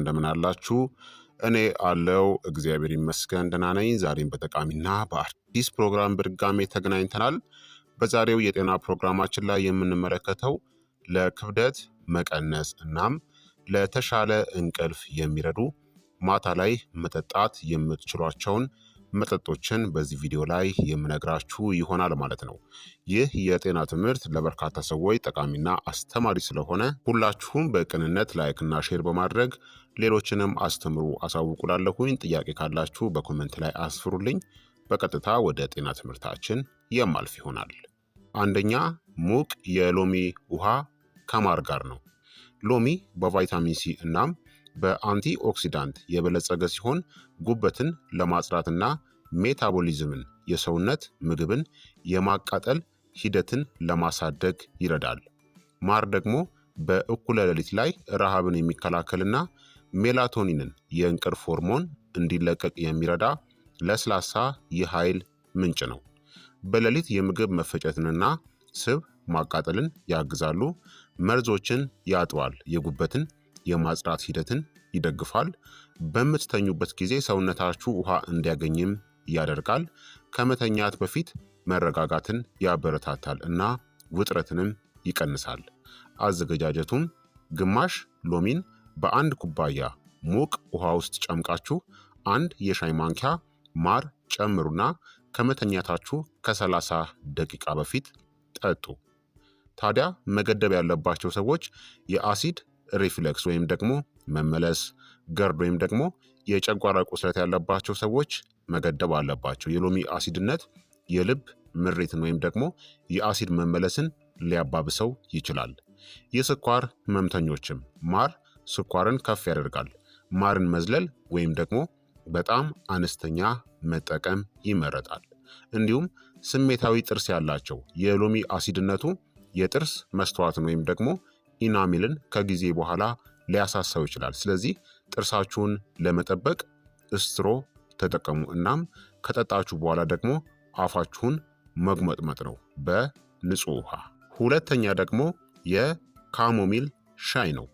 እንደምን አላችሁ? እኔ አለው እግዚአብሔር ይመስገን ደህና ነኝ። ዛሬም በጠቃሚና በአዲስ ፕሮግራም በድጋሜ ተገናኝተናል። በዛሬው የጤና ፕሮግራማችን ላይ የምንመለከተው ለክብደት መቀነስ እናም ለተሻለ እንቅልፍ የሚረዱ ማታ ላይ መጠጣት የምትችሏቸውን መጠጦችን በዚህ ቪዲዮ ላይ የምነግራችሁ ይሆናል ማለት ነው። ይህ የጤና ትምህርት ለበርካታ ሰዎች ጠቃሚና አስተማሪ ስለሆነ ሁላችሁም በቅንነት ላይክና ሼር በማድረግ ሌሎችንም አስተምሩ። አሳውቁላለሁኝ። ጥያቄ ካላችሁ በኮመንት ላይ አስፍሩልኝ። በቀጥታ ወደ ጤና ትምህርታችን የማልፍ ይሆናል። አንደኛ ሙቅ የሎሚ ውሃ ከማር ጋር ነው። ሎሚ በቫይታሚን ሲ እናም በአንቲ ኦክሲዳንት የበለጸገ ሲሆን ጉበትን ለማጽዳትና ሜታቦሊዝምን የሰውነት ምግብን የማቃጠል ሂደትን ለማሳደግ ይረዳል። ማር ደግሞ በእኩለ ሌሊት ላይ ረሃብን የሚከላከልና ሜላቶኒንን የእንቅልፍ ሆርሞን እንዲለቀቅ የሚረዳ ለስላሳ የኃይል ምንጭ ነው። በሌሊት የምግብ መፈጨትንና ስብ ማቃጠልን ያግዛሉ። መርዞችን ያጥባል። የጉበትን የማጽዳት ሂደትን ይደግፋል። በምትተኙበት ጊዜ ሰውነታችሁ ውሃ እንዲያገኝም ያደርጋል። ከመተኛት በፊት መረጋጋትን ያበረታታል እና ውጥረትንም ይቀንሳል። አዘገጃጀቱም ግማሽ ሎሚን በአንድ ኩባያ ሙቅ ውሃ ውስጥ ጨምቃችሁ አንድ የሻይ ማንኪያ ማር ጨምሩና ከመተኛታችሁ ከ30 ደቂቃ በፊት ጠጡ። ታዲያ መገደብ ያለባቸው ሰዎች የአሲድ ሪፍሌክስ ወይም ደግሞ መመለስ፣ ገርድ ወይም ደግሞ የጨጓራ ቁስለት ያለባቸው ሰዎች መገደብ አለባቸው። የሎሚ አሲድነት የልብ ምሬትን ወይም ደግሞ የአሲድ መመለስን ሊያባብሰው ይችላል። የስኳር ህመምተኞችም ማር ስኳርን ከፍ ያደርጋል። ማርን መዝለል ወይም ደግሞ በጣም አነስተኛ መጠቀም ይመረጣል። እንዲሁም ስሜታዊ ጥርስ ያላቸው የሎሚ አሲድነቱ የጥርስ መስተዋትን ወይም ደግሞ ኢናሚልን ከጊዜ በኋላ ሊያሳሰው ይችላል። ስለዚህ ጥርሳችሁን ለመጠበቅ እስትሮ ተጠቀሙ። እናም ከጠጣችሁ በኋላ ደግሞ አፋችሁን መጉመጥመጥ ነው በንጹህ ውሃ። ሁለተኛ ደግሞ የካሞሚል ሻይ ነው።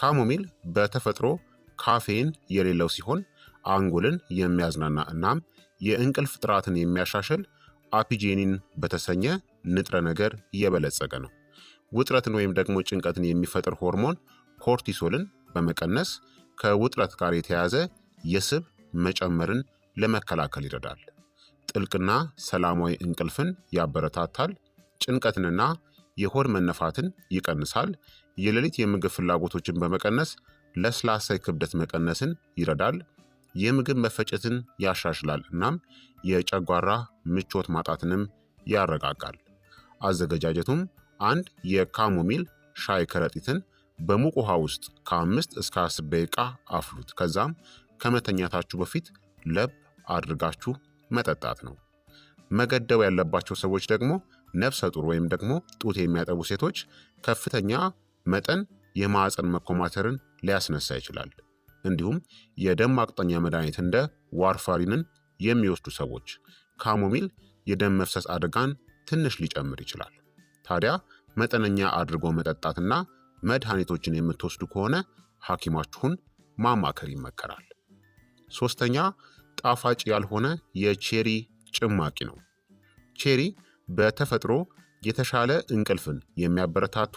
ካሞሚል በተፈጥሮ ካፌን የሌለው ሲሆን አንጎልን የሚያዝናና እናም የእንቅልፍ ጥራትን የሚያሻሽል አፒጄኒን በተሰኘ ንጥረ ነገር የበለጸገ ነው። ውጥረትን ወይም ደግሞ ጭንቀትን የሚፈጥር ሆርሞን ኮርቲሶልን በመቀነስ ከውጥረት ጋር የተያያዘ የስብ መጨመርን ለመከላከል ይረዳል። ጥልቅና ሰላማዊ እንቅልፍን ያበረታታል። ጭንቀትንና የሆድ መነፋትን ይቀንሳል። የሌሊት የምግብ ፍላጎቶችን በመቀነስ ለስላሳ የክብደት መቀነስን ይረዳል። የምግብ መፈጨትን ያሻሽላል፣ እናም የጨጓራ ምቾት ማጣትንም ያረጋጋል። አዘገጃጀቱም አንድ የካሞሚል ሻይ ከረጢትን በሙቅ ውሃ ውስጥ ከአምስት እስከ አስር ደቂቃ አፍሉት። ከዛም ከመተኛታችሁ በፊት ለብ አድርጋችሁ መጠጣት ነው። መገደብ ያለባቸው ሰዎች ደግሞ ነፍሰ ጡር ወይም ደግሞ ጡት የሚያጠቡ ሴቶች ከፍተኛ መጠን የማዕፀን መኮማተርን ሊያስነሳ ይችላል። እንዲሁም የደም ማቅጠኛ መድኃኒት እንደ ዋርፋሪንን የሚወስዱ ሰዎች ካሞሚል የደም መፍሰስ አደጋን ትንሽ ሊጨምር ይችላል። ታዲያ መጠነኛ አድርጎ መጠጣትና መድኃኒቶችን የምትወስዱ ከሆነ ሐኪማችሁን ማማከር ይመከራል። ሶስተኛ ጣፋጭ ያልሆነ የቼሪ ጭማቂ ነው። ቼሪ በተፈጥሮ የተሻለ እንቅልፍን የሚያበረታቱ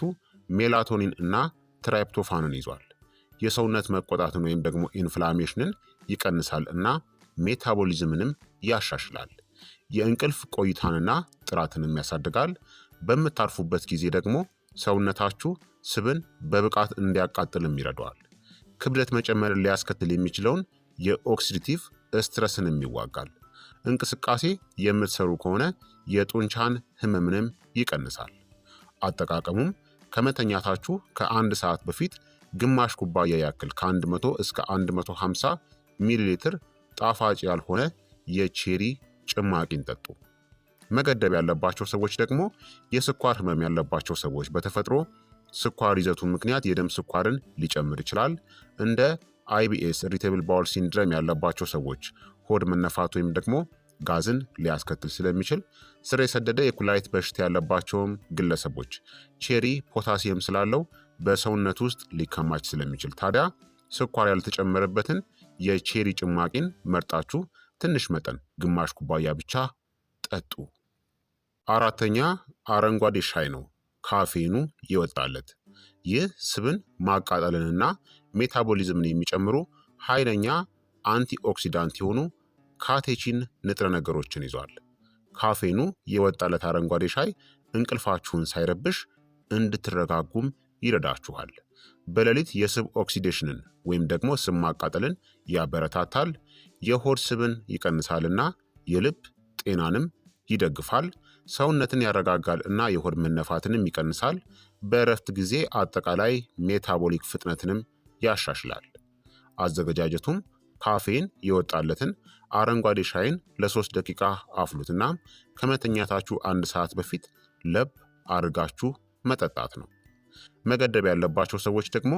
ሜላቶኒን እና ትራይፕቶፋንን ይዟል። የሰውነት መቆጣትን ወይም ደግሞ ኢንፍላሜሽንን ይቀንሳል እና ሜታቦሊዝምንም ያሻሽላል። የእንቅልፍ ቆይታንና ጥራትንም ያሳድጋል። በምታርፉበት ጊዜ ደግሞ ሰውነታችሁ ስብን በብቃት እንዲያቃጥልም ይረዳዋል። ክብደት መጨመርን ሊያስከትል የሚችለውን የኦክሲዲቲቭ ስትረስንም ይዋጋል። እንቅስቃሴ የምትሰሩ ከሆነ የጡንቻን ህመምንም ይቀንሳል። አጠቃቀሙም ከመተኛታችሁ ከአንድ ሰዓት በፊት ግማሽ ኩባያ ያክል ከ100 እስከ 150 ሚሊ ሊትር ጣፋጭ ያልሆነ የቼሪ ጭማቂን ጠጡ። መገደብ ያለባቸው ሰዎች ደግሞ የስኳር ህመም ያለባቸው ሰዎች በተፈጥሮ ስኳር ይዘቱ ምክንያት የደም ስኳርን ሊጨምር ይችላል። እንደ አይቢኤስ ሪቴብል ባውል ሲንድረም ያለባቸው ሰዎች ሆድ መነፋት ወይም ደግሞ ጋዝን ሊያስከትል ስለሚችል፣ ስር የሰደደ የኩላሊት በሽታ ያለባቸውም ግለሰቦች ቼሪ ፖታሲየም ስላለው በሰውነት ውስጥ ሊከማች ስለሚችል፣ ታዲያ ስኳር ያልተጨመረበትን የቼሪ ጭማቂን መርጣችሁ ትንሽ መጠን ግማሽ ኩባያ ብቻ ጠጡ። አራተኛ አረንጓዴ ሻይ ነው ካፌኑ ይወጣለት። ይህ ስብን ማቃጠልንና ሜታቦሊዝምን የሚጨምሩ ኃይለኛ አንቲኦክሲዳንት የሆኑ ካቴቺን ንጥረ ነገሮችን ይዟል። ካፌኑ የወጣለት አረንጓዴ ሻይ እንቅልፋችሁን ሳይረብሽ እንድትረጋጉም ይረዳችኋል። በሌሊት የስብ ኦክሲዴሽንን ወይም ደግሞ ስብ ማቃጠልን ያበረታታል፣ የሆድ ስብን ይቀንሳልና የልብ ጤናንም ይደግፋል። ሰውነትን ያረጋጋል እና የሆድ መነፋትንም ይቀንሳል። በእረፍት ጊዜ አጠቃላይ ሜታቦሊክ ፍጥነትንም ያሻሽላል። አዘገጃጀቱም ካፌን የወጣለትን አረንጓዴ ሻይን ለሶስት ደቂቃ አፍሉትና ከመተኛታችሁ አንድ ሰዓት በፊት ለብ አድርጋችሁ መጠጣት ነው። መገደብ ያለባቸው ሰዎች ደግሞ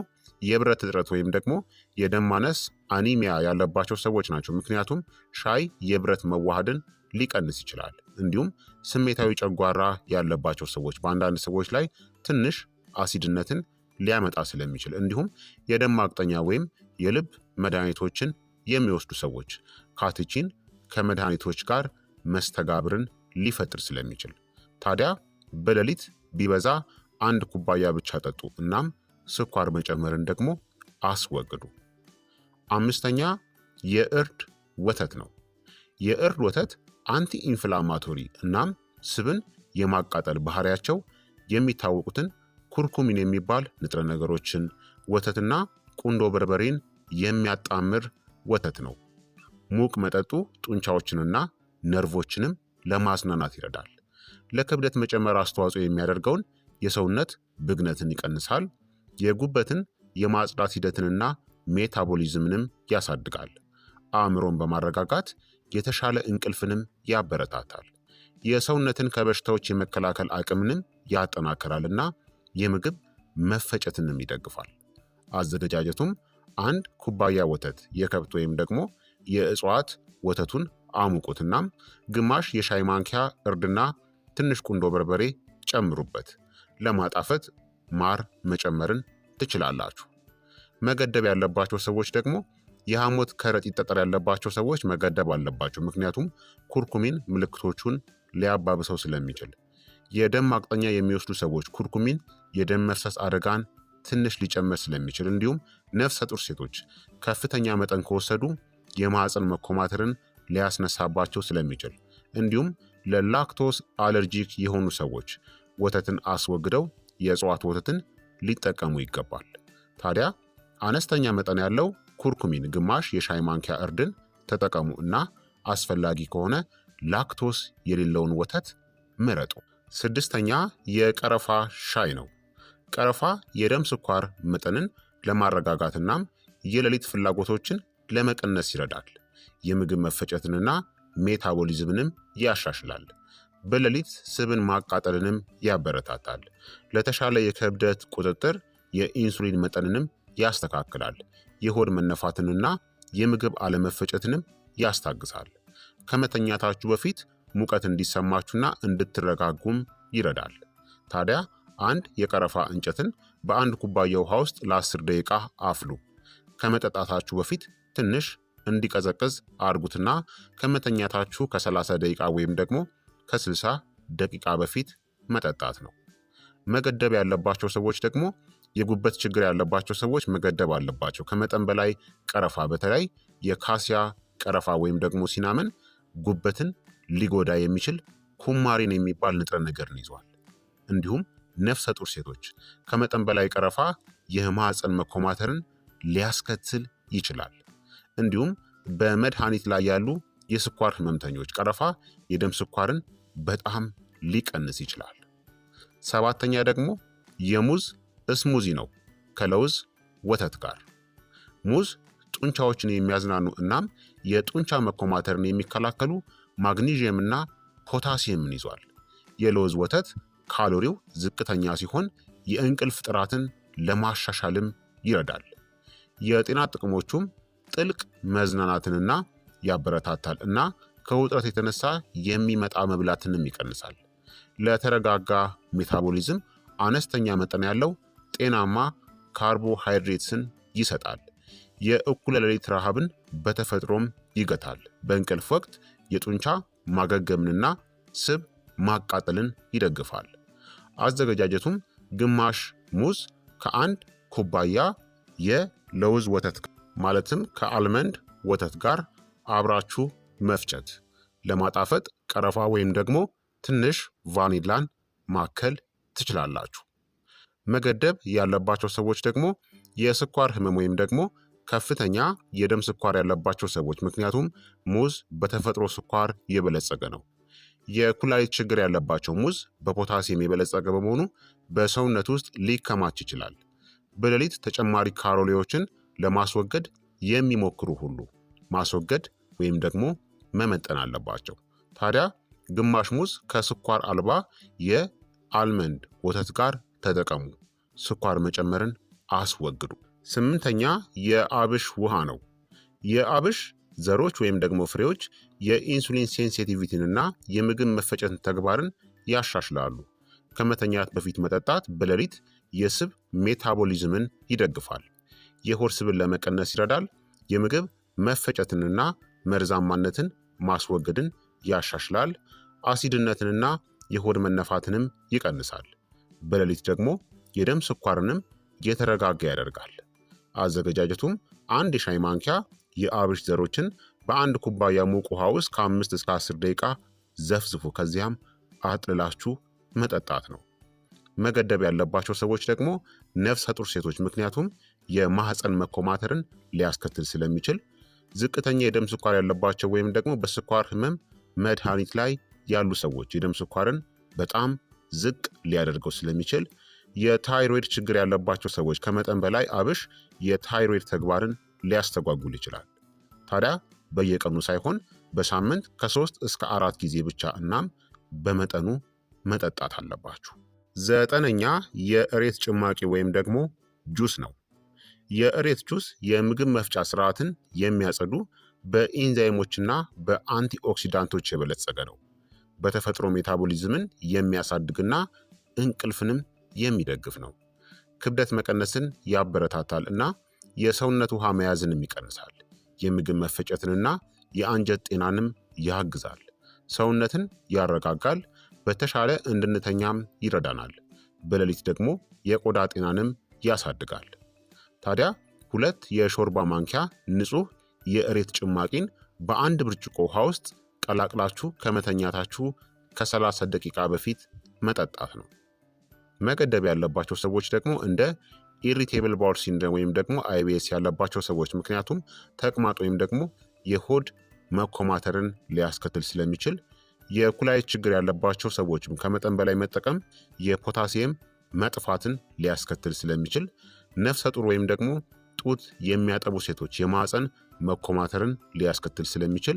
የብረት እጥረት ወይም ደግሞ የደም ማነስ አኒሚያ ያለባቸው ሰዎች ናቸው። ምክንያቱም ሻይ የብረት መዋሃድን ሊቀንስ ይችላል። እንዲሁም ስሜታዊ ጨጓራ ያለባቸው ሰዎች በአንዳንድ ሰዎች ላይ ትንሽ አሲድነትን ሊያመጣ ስለሚችል እንዲሁም የደም ማቅጠኛ ወይም የልብ መድኃኒቶችን የሚወስዱ ሰዎች ካትቺን ከመድኃኒቶች ጋር መስተጋብርን ሊፈጥር ስለሚችል ታዲያ በሌሊት ቢበዛ አንድ ኩባያ ብቻ ጠጡ። እናም ስኳር መጨመርን ደግሞ አስወግዱ። አምስተኛ የእርድ ወተት ነው። የእርድ ወተት አንቲ ኢንፍላማቶሪ እናም ስብን የማቃጠል ባህሪያቸው የሚታወቁትን ኩርኩሚን የሚባል ንጥረ ነገሮችን፣ ወተትና ቁንዶ በርበሬን የሚያጣምር ወተት ነው። ሙቅ መጠጡ ጡንቻዎችንና ነርቮችንም ለማዝናናት ይረዳል። ለክብደት መጨመር አስተዋጽኦ የሚያደርገውን የሰውነት ብግነትን ይቀንሳል። የጉበትን የማጽዳት ሂደትንና ሜታቦሊዝምንም ያሳድጋል። አእምሮን በማረጋጋት የተሻለ እንቅልፍንም ያበረታታል። የሰውነትን ከበሽታዎች የመከላከል አቅምንም ያጠናክራልና የምግብ መፈጨትንም ይደግፋል። አዘገጃጀቱም አንድ ኩባያ ወተት የከብት ወይም ደግሞ የእጽዋት ወተቱን አሙቁት። እናም ግማሽ የሻይ ማንኪያ እርድና ትንሽ ቁንዶ በርበሬ ጨምሩበት። ለማጣፈጥ ማር መጨመርን ትችላላችሁ። መገደብ ያለባቸው ሰዎች ደግሞ የሐሞት ከረጢት ጠጠር ያለባቸው ሰዎች መገደብ አለባቸው። ምክንያቱም ኩርኩሚን ምልክቶቹን ሊያባብሰው ስለሚችል። የደም ማቅጠኛ የሚወስዱ ሰዎች ኩርኩሚን የደም መርሰስ አደጋን ትንሽ ሊጨምር ስለሚችል፣ እንዲሁም ነፍሰ ጡር ሴቶች ከፍተኛ መጠን ከወሰዱ የማህፀን መኮማተርን ሊያስነሳባቸው ስለሚችል፣ እንዲሁም ለላክቶስ አለርጂክ የሆኑ ሰዎች ወተትን አስወግደው የእጽዋት ወተትን ሊጠቀሙ ይገባል። ታዲያ አነስተኛ መጠን ያለው ኩርኩሚን ግማሽ የሻይ ማንኪያ እርድን ተጠቀሙ እና አስፈላጊ ከሆነ ላክቶስ የሌለውን ወተት ምረጡ። ስድስተኛ የቀረፋ ሻይ ነው። ቀረፋ የደም ስኳር መጠንን ለማረጋጋትናም የሌሊት ፍላጎቶችን ለመቀነስ ይረዳል። የምግብ መፈጨትንና ሜታቦሊዝምንም ያሻሽላል። በሌሊት ስብን ማቃጠልንም ያበረታታል። ለተሻለ የክብደት ቁጥጥር የኢንሱሊን መጠንንም ያስተካክላል። የሆድ መነፋትንና የምግብ አለመፈጨትንም ያስታግሳል። ከመተኛታችሁ በፊት ሙቀት እንዲሰማችሁና እንድትረጋጉም ይረዳል። ታዲያ አንድ የቀረፋ እንጨትን በአንድ ኩባያ ውሃ ውስጥ ለ10 ደቂቃ አፍሉ። ከመጠጣታችሁ በፊት ትንሽ እንዲቀዘቅዝ አድርጉትና ከመተኛታችሁ ከ30 ደቂቃ ወይም ደግሞ ከ60 ደቂቃ በፊት መጠጣት ነው። መገደብ ያለባቸው ሰዎች ደግሞ የጉበት ችግር ያለባቸው ሰዎች መገደብ አለባቸው። ከመጠን በላይ ቀረፋ፣ በተለይ የካሲያ ቀረፋ ወይም ደግሞ ሲናመን ጉበትን ሊጎዳ የሚችል ኩማሪን የሚባል ንጥረ ነገርን ይዟል። እንዲሁም ነፍሰ ጡር ሴቶች ከመጠን በላይ ቀረፋ የማህፀን መኮማተርን ሊያስከትል ይችላል። እንዲሁም በመድኃኒት ላይ ያሉ የስኳር ህመምተኞች ቀረፋ የደም ስኳርን በጣም ሊቀንስ ይችላል። ሰባተኛ ደግሞ የሙዝ እስሙዚ ነው ከለውዝ ወተት ጋር። ሙዝ ጡንቻዎችን የሚያዝናኑ እናም የጡንቻ መኮማተርን የሚከላከሉ ማግኒዥየምና ፖታሲየምን ይዟል። የለውዝ ወተት ካሎሪው ዝቅተኛ ሲሆን የእንቅልፍ ጥራትን ለማሻሻልም ይረዳል። የጤና ጥቅሞቹም ጥልቅ መዝናናትንና ያበረታታል እና ከውጥረት የተነሳ የሚመጣ መብላትንም ይቀንሳል። ለተረጋጋ ሜታቦሊዝም አነስተኛ መጠን ያለው ጤናማ ካርቦሃይድሬትስን ይሰጣል። የእኩለ ሌሊት ረሃብን በተፈጥሮም ይገታል። በእንቅልፍ ወቅት የጡንቻ ማገገምንና ስብ ማቃጠልን ይደግፋል። አዘገጃጀቱም ግማሽ ሙዝ ከአንድ ኩባያ የለውዝ ወተት ማለትም ከአልመንድ ወተት ጋር አብራችሁ መፍጨት፣ ለማጣፈጥ ቀረፋ ወይም ደግሞ ትንሽ ቫኒላን ማከል ትችላላችሁ። መገደብ ያለባቸው ሰዎች ደግሞ የስኳር ህመም ወይም ደግሞ ከፍተኛ የደም ስኳር ያለባቸው ሰዎች፣ ምክንያቱም ሙዝ በተፈጥሮ ስኳር የበለጸገ ነው። የኩላሊት ችግር ያለባቸው ሙዝ በፖታሲየም የበለጸገ በመሆኑ በሰውነት ውስጥ ሊከማች ይችላል። በሌሊት ተጨማሪ ካሎሪዎችን ለማስወገድ የሚሞክሩ ሁሉ ማስወገድ ወይም ደግሞ መመጠን አለባቸው። ታዲያ ግማሽ ሙዝ ከስኳር አልባ የአልመንድ ወተት ጋር ተጠቀሙ። ስኳር መጨመርን አስወግዱ። ስምንተኛ የአብሽ ውሃ ነው። የአብሽ ዘሮች ወይም ደግሞ ፍሬዎች የኢንሱሊን ሴንሲቲቪቲንና የምግብ መፈጨትን ተግባርን ያሻሽላሉ። ከመተኛት በፊት መጠጣት በሌሊት የስብ ሜታቦሊዝምን ይደግፋል። የሆድ ስብን ለመቀነስ ይረዳል። የምግብ መፈጨትንና መርዛማነትን ማስወገድን ያሻሽላል። አሲድነትንና የሆድ መነፋትንም ይቀንሳል። በሌሊት ደግሞ የደም ስኳርንም የተረጋጋ ያደርጋል። አዘገጃጀቱም አንድ የሻይ ማንኪያ የአብሽ ዘሮችን በአንድ ኩባያ ሙቅ ውሃ ውስጥ ከአምስት እስከ አስር ደቂቃ ዘፍዝፉ። ከዚያም አጥልላችሁ መጠጣት ነው። መገደብ ያለባቸው ሰዎች ደግሞ ነፍሰ ጡር ሴቶች፣ ምክንያቱም የማህፀን መኮማተርን ሊያስከትል ስለሚችል፣ ዝቅተኛ የደም ስኳር ያለባቸው ወይም ደግሞ በስኳር ህመም መድኃኒት ላይ ያሉ ሰዎች የደም ስኳርን በጣም ዝቅ ሊያደርገው ስለሚችል የታይሮይድ ችግር ያለባቸው ሰዎች ከመጠን በላይ አብሽ የታይሮይድ ተግባርን ሊያስተጓጉል ይችላል። ታዲያ በየቀኑ ሳይሆን በሳምንት ከሶስት እስከ አራት ጊዜ ብቻ እናም በመጠኑ መጠጣት አለባችሁ። ዘጠነኛ የእሬት ጭማቂ ወይም ደግሞ ጁስ ነው። የእሬት ጁስ የምግብ መፍጫ ስርዓትን የሚያጸዱ በኢንዛይሞችና በአንቲኦክሲዳንቶች የበለጸገ ነው። በተፈጥሮ ሜታቦሊዝምን የሚያሳድግና እንቅልፍንም የሚደግፍ ነው። ክብደት መቀነስን ያበረታታል እና የሰውነት ውሃ መያዝንም ይቀንሳል። የምግብ መፈጨትንና የአንጀት ጤናንም ያግዛል። ሰውነትን ያረጋጋል። በተሻለ እንድንተኛም ይረዳናል። በሌሊት ደግሞ የቆዳ ጤናንም ያሳድጋል። ታዲያ ሁለት የሾርባ ማንኪያ ንጹህ የእሬት ጭማቂን በአንድ ብርጭቆ ውሃ ውስጥ ቀላቅላችሁ ከመተኛታችሁ ከ30 ደቂቃ በፊት መጠጣት ነው። መገደብ ያለባቸው ሰዎች ደግሞ እንደ ኢሪቴብል ባውል ሲንድሮም ወይም ደግሞ አይቢኤስ ያለባቸው ሰዎች ምክንያቱም ተቅማጥ ወይም ደግሞ የሆድ መኮማተርን ሊያስከትል ስለሚችል፣ የኩላሊት ችግር ያለባቸው ሰዎችም ከመጠን በላይ መጠቀም የፖታሲየም መጥፋትን ሊያስከትል ስለሚችል፣ ነፍሰ ጡር ወይም ደግሞ ጡት የሚያጠቡ ሴቶች የማፀን መኮማተርን ሊያስከትል ስለሚችል፣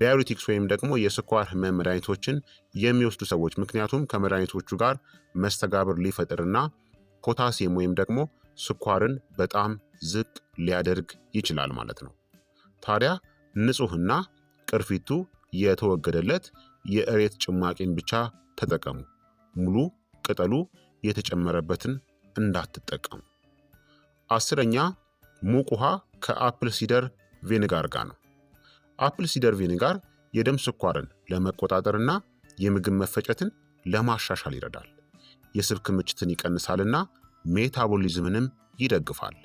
ዳዩሪቲክስ ወይም ደግሞ የስኳር ህመም መድኃኒቶችን የሚወስዱ ሰዎች ምክንያቱም ከመድኃኒቶቹ ጋር መስተጋብር ሊፈጥርና ፖታሲየም ወይም ደግሞ ስኳርን በጣም ዝቅ ሊያደርግ ይችላል ማለት ነው። ታዲያ ንጹህና ቅርፊቱ የተወገደለት የእሬት ጭማቂን ብቻ ተጠቀሙ። ሙሉ ቅጠሉ የተጨመረበትን እንዳትጠቀሙ። አስረኛ ሙቅ ውሃ ከአፕል ሲደር ቬኔጋር ጋር ነው። አፕል ሲደር ቪኒጋር የደም ስኳርን ለመቆጣጠርና የምግብ መፈጨትን ለማሻሻል ይረዳል። የስብ ክምችትን ይቀንሳልና ሜታቦሊዝምንም ይደግፋል።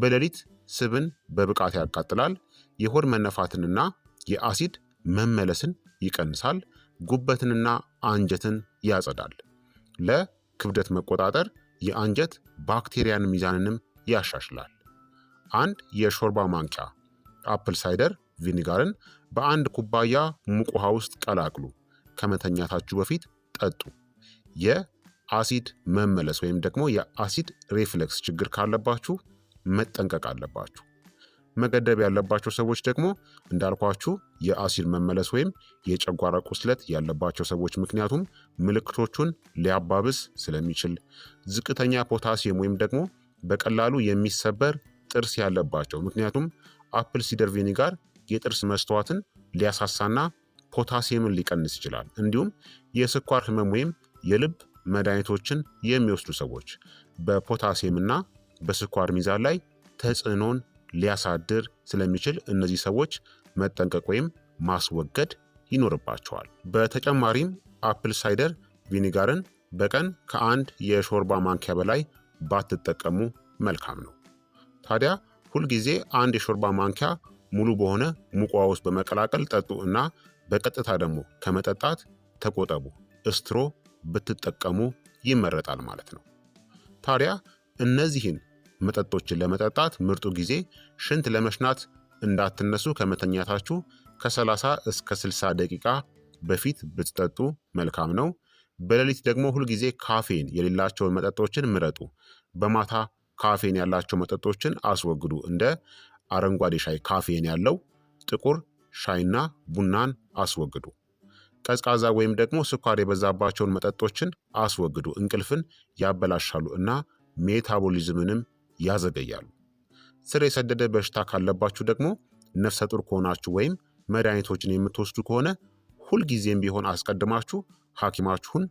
በሌሊት ስብን በብቃት ያቃጥላል። የሆድ መነፋትንና የአሲድ መመለስን ይቀንሳል። ጉበትንና አንጀትን ያጸዳል። ለክብደት መቆጣጠር የአንጀት ባክቴሪያን ሚዛንንም ያሻሽላል። አንድ የሾርባ ማንኪያ አፕል ሳይደር ቪኒጋርን በአንድ ኩባያ ሙቅ ውሃ ውስጥ ቀላቅሉ። ከመተኛታችሁ በፊት ጠጡ። የአሲድ መመለስ ወይም ደግሞ የአሲድ ሪፍሌክስ ችግር ካለባችሁ መጠንቀቅ አለባችሁ። መገደብ ያለባቸው ሰዎች ደግሞ እንዳልኳችሁ የአሲድ መመለስ ወይም የጨጓራ ቁስለት ያለባቸው ሰዎች፣ ምክንያቱም ምልክቶቹን ሊያባብስ ስለሚችል። ዝቅተኛ ፖታሲየም ወይም ደግሞ በቀላሉ የሚሰበር ጥርስ ያለባቸው፣ ምክንያቱም አፕል ሲደር ቪኒጋር የጥርስ መስተዋትን ሊያሳሳና ፖታሲየምን ሊቀንስ ይችላል። እንዲሁም የስኳር ህመም ወይም የልብ መድኃኒቶችን የሚወስዱ ሰዎች በፖታሲየምና በስኳር ሚዛን ላይ ተጽዕኖን ሊያሳድር ስለሚችል እነዚህ ሰዎች መጠንቀቅ ወይም ማስወገድ ይኖርባቸዋል። በተጨማሪም አፕል ሳይደር ቪኒጋርን በቀን ከአንድ የሾርባ ማንኪያ በላይ ባትጠቀሙ መልካም ነው። ታዲያ ሁልጊዜ አንድ የሾርባ ማንኪያ ሙሉ በሆነ ሙቋ ውስጥ በመቀላቀል ጠጡ እና በቀጥታ ደግሞ ከመጠጣት ተቆጠቡ። እስትሮ ብትጠቀሙ ይመረጣል ማለት ነው። ታዲያ እነዚህን መጠጦችን ለመጠጣት ምርጡ ጊዜ ሽንት ለመሽናት እንዳትነሱ ከመተኛታችሁ ከ30 እስከ 60 ደቂቃ በፊት ብትጠጡ መልካም ነው። በሌሊት ደግሞ ሁልጊዜ ካፌን የሌላቸውን መጠጦችን ምረጡ። በማታ ካፌን ያላቸው መጠጦችን አስወግዱ። እንደ አረንጓዴ ሻይ ካፌን ያለው ጥቁር ሻይና ቡናን አስወግዱ። ቀዝቃዛ ወይም ደግሞ ስኳር የበዛባቸውን መጠጦችን አስወግዱ። እንቅልፍን ያበላሻሉ እና ሜታቦሊዝምንም ያዘገያሉ። ስር የሰደደ በሽታ ካለባችሁ ደግሞ ነፍሰ ጡር ከሆናችሁ ወይም መድኃኒቶችን የምትወስዱ ከሆነ ሁልጊዜም ቢሆን አስቀድማችሁ ሐኪማችሁን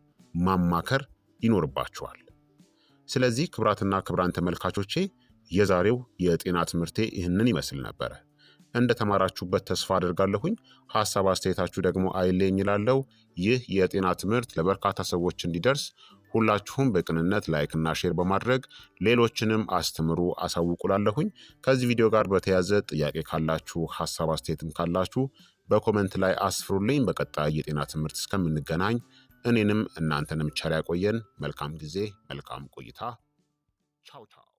ማማከር ይኖርባችኋል። ስለዚህ ክብራትና ክብራን ተመልካቾቼ የዛሬው የጤና ትምህርቴ ይህንን ይመስል ነበረ። እንደተማራችሁበት ተስፋ አድርጋለሁኝ። ሀሳብ አስተያየታችሁ ደግሞ አይለኝ ይላለው። ይህ የጤና ትምህርት ለበርካታ ሰዎች እንዲደርስ ሁላችሁም በቅንነት ላይክና ሼር በማድረግ ሌሎችንም አስተምሩ አሳውቁላለሁኝ። ከዚህ ቪዲዮ ጋር በተያዘ ጥያቄ ካላችሁ ሀሳብ አስተያየትም ካላችሁ በኮመንት ላይ አስፍሩልኝ። በቀጣይ የጤና ትምህርት እስከምንገናኝ እኔንም እናንተንም ቸር ያቆየን። መልካም ጊዜ፣ መልካም ቆይታ። ቻው ቻው።